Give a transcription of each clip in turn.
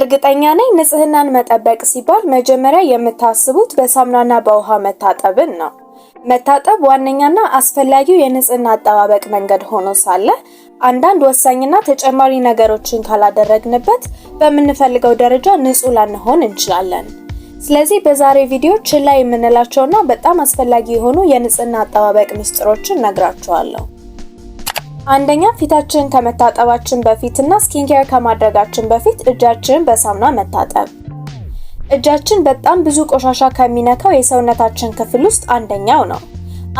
እርግጠኛ ነኝ ንጽህናን መጠበቅ ሲባል መጀመሪያ የምታስቡት በሳሙናና በውሃ መታጠብን ነው። መታጠብ ዋነኛና አስፈላጊው የንጽህና አጠባበቅ መንገድ ሆኖ ሳለ አንዳንድ ወሳኝና ተጨማሪ ነገሮችን ካላደረግንበት በምንፈልገው ደረጃ ንጹህ ላንሆን እንችላለን። ስለዚህ በዛሬ ቪዲዮ ችላ የምንላቸውና በጣም አስፈላጊ የሆኑ የንጽህና አጠባበቅ ምስጢሮችን ነግራችኋለሁ። አንደኛ ፊታችንን ከመታጠባችን በፊት እና ስኪንኬር ከማድረጋችን በፊት እጃችንን በሳሙና መታጠብ። እጃችን በጣም ብዙ ቆሻሻ ከሚነካው የሰውነታችን ክፍል ውስጥ አንደኛው ነው።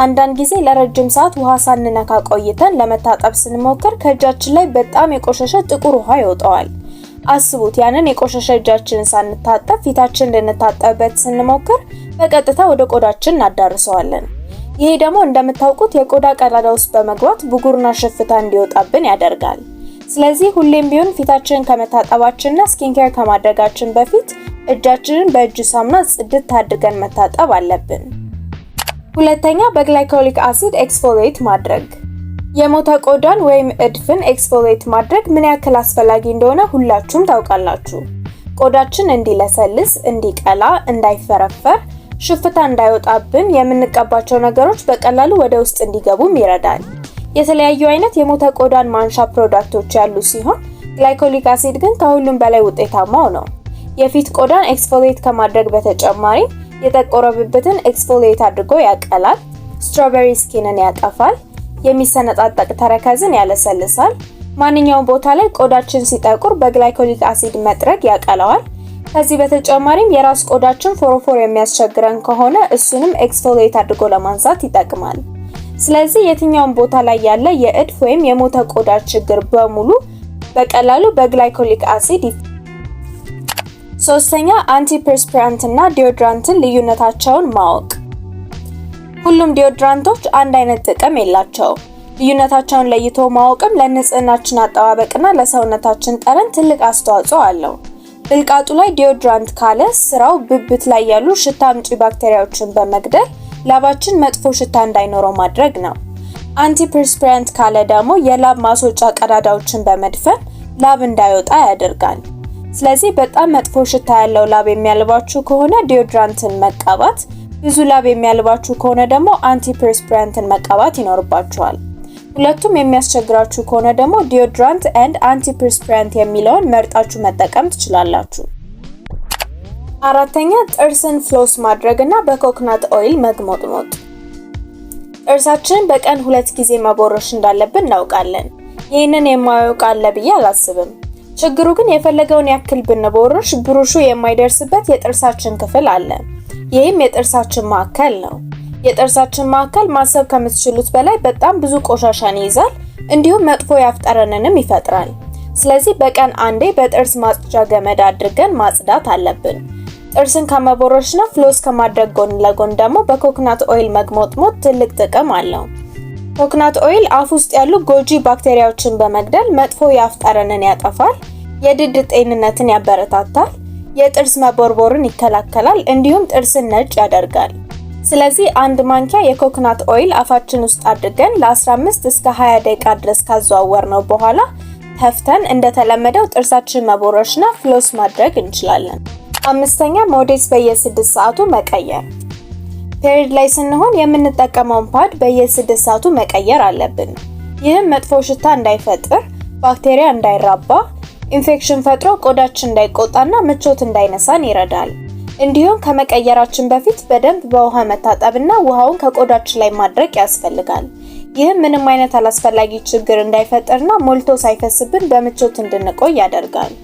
አንዳንድ ጊዜ ለረጅም ሰዓት ውሃ ሳንነካ ቆይተን ለመታጠብ ስንሞክር ከእጃችን ላይ በጣም የቆሸሸ ጥቁር ውሃ ይወጣዋል። አስቡት፣ ያንን የቆሸሸ እጃችንን ሳንታጠብ ፊታችን ልንታጠብበት ስንሞክር በቀጥታ ወደ ቆዳችን እናዳርሰዋለን። ይሄ ደግሞ እንደምታውቁት የቆዳ ቀዳዳ ውስጥ በመግባት ብጉርና ሽፍታ እንዲወጣብን ያደርጋል። ስለዚህ ሁሌም ቢሆን ፊታችንን ከመታጠባችንና ስኪንኬር ከማድረጋችን በፊት እጃችንን በእጅ ሳሙና ጽድት አድርገን መታጠብ አለብን። ሁለተኛ በግላይኮሊክ አሲድ ኤክስፎሌት ማድረግ የሞተ ቆዳን ወይም እድፍን ኤክስፎሌት ማድረግ ምን ያክል አስፈላጊ እንደሆነ ሁላችሁም ታውቃላችሁ። ቆዳችን እንዲለሰልስ፣ እንዲቀላ፣ እንዳይፈረፈር ሽፍታ እንዳይወጣብን የምንቀባቸው ነገሮች በቀላሉ ወደ ውስጥ እንዲገቡም ይረዳል። የተለያዩ አይነት የሞተ ቆዳን ማንሻ ፕሮዳክቶች ያሉ ሲሆን ግላይኮሊክ አሲድ ግን ከሁሉም በላይ ውጤታማው ነው። የፊት ቆዳን ኤክስፎሊየት ከማድረግ በተጨማሪ የጠቆረ ብብትን ኤክስፎሌት አድርጎ ያቀላል። ስትሮበሪ ስኪንን ያጠፋል። የሚሰነጣጠቅ ተረከዝን ያለሰልሳል። ማንኛውም ቦታ ላይ ቆዳችን ሲጠቁር በግላይኮሊክ አሲድ መጥረግ ያቀለዋል። ከዚህ በተጨማሪም የራስ ቆዳችን ፎሮፎር የሚያስቸግረን ከሆነ እሱንም ኤክስፎሊየት አድርጎ ለማንሳት ይጠቅማል። ስለዚህ የትኛውን ቦታ ላይ ያለ የእድፍ ወይም የሞተ ቆዳ ችግር በሙሉ በቀላሉ በግላይኮሊክ አሲድ ሶስተኛ አንቲፐርስፒራንት እና ዲዮድራንትን ልዩነታቸውን ማወቅ። ሁሉም ዲዮድራንቶች አንድ አይነት ጥቅም የላቸው ልዩነታቸውን ለይቶ ማወቅም ለንጽህናችን አጠባበቅና ለሰውነታችን ጠረን ትልቅ አስተዋጽኦ አለው። ብልቃጡ ላይ ዲዮድራንት ካለ ስራው ብብት ላይ ያሉ ሽታ አምጪ ባክቴሪያዎችን በመግደል ላባችን መጥፎ ሽታ እንዳይኖረው ማድረግ ነው። አንቲፐርስፒራንት ካለ ደግሞ የላብ ማስወጫ ቀዳዳዎችን በመድፈን ላብ እንዳይወጣ ያደርጋል። ስለዚህ በጣም መጥፎ ሽታ ያለው ላብ የሚያልባችሁ ከሆነ ዲዮድራንትን መቀባት፣ ብዙ ላብ የሚያልባችሁ ከሆነ ደግሞ አንቲፐርስፒራንትን መቀባት ይኖርባችኋል። ሁለቱም የሚያስቸግራችሁ ከሆነ ደግሞ ዲዮድራንት ኤንድ አንቲፐርስፕራንት የሚለውን መርጣችሁ መጠቀም ትችላላችሁ። አራተኛ ጥርስን ፍሎስ ማድረግ እና በኮክናት ኦይል መግሞጥሞጥ። ጥርሳችንን በቀን ሁለት ጊዜ መቦረሽ እንዳለብን እናውቃለን። ይህንን የማያውቅ አለ ብዬ አላስብም። ችግሩ ግን የፈለገውን ያክል ብንቦርሽ ብሩሹ የማይደርስበት የጥርሳችን ክፍል አለ። ይህም የጥርሳችን ማዕከል ነው። የጥርሳችን ማዕከል ማሰብ ከምትችሉት በላይ በጣም ብዙ ቆሻሻን ይይዛል፣ እንዲሁም መጥፎ የአፍ ጠረንንም ይፈጥራል። ስለዚህ በቀን አንዴ በጥርስ ማጽጃ ገመድ አድርገን ማጽዳት አለብን። ጥርስን ከመቦረሽና ፍሎስ ከማድረግ ጎን ለጎን ደግሞ በኮኮናት ኦይል መግሞጥሞጥ ትልቅ ጥቅም አለው። ኮኮናት ኦይል አፍ ውስጥ ያሉ ጎጂ ባክቴሪያዎችን በመግደል መጥፎ የአፍ ጠረንን ያጠፋል፣ የድድ ጤንነትን ያበረታታል፣ የጥርስ መቦርቦርን ይከላከላል፣ እንዲሁም ጥርስን ነጭ ያደርጋል። ስለዚህ አንድ ማንኪያ የኮኮናት ኦይል አፋችን ውስጥ አድርገን ለ15 እስከ 20 ደቂቃ ድረስ ካዘዋወር ነው በኋላ ተፍተን እንደተለመደው ጥርሳችን መቦረሽና ፍሎስ ማድረግ እንችላለን። አምስተኛ ሞዴስ በየስድስት ሰዓቱ መቀየር። ፔሪድ ላይ ስንሆን የምንጠቀመውን ፓድ በየስድስት ሰዓቱ መቀየር አለብን። ይህም መጥፎ ሽታ እንዳይፈጥር፣ ባክቴሪያ እንዳይራባ፣ ኢንፌክሽን ፈጥሮ ቆዳችን እንዳይቆጣና ምቾት እንዳይነሳን ይረዳል። እንዲሁም ከመቀየራችን በፊት በደንብ በውሃ መታጠብና ውሃውን ከቆዳችን ላይ ማድረቅ ያስፈልጋል። ይህም ምንም አይነት አላስፈላጊ ችግር እንዳይፈጠርና ሞልቶ ሳይፈስብን በምቾት እንድንቆይ ያደርጋል።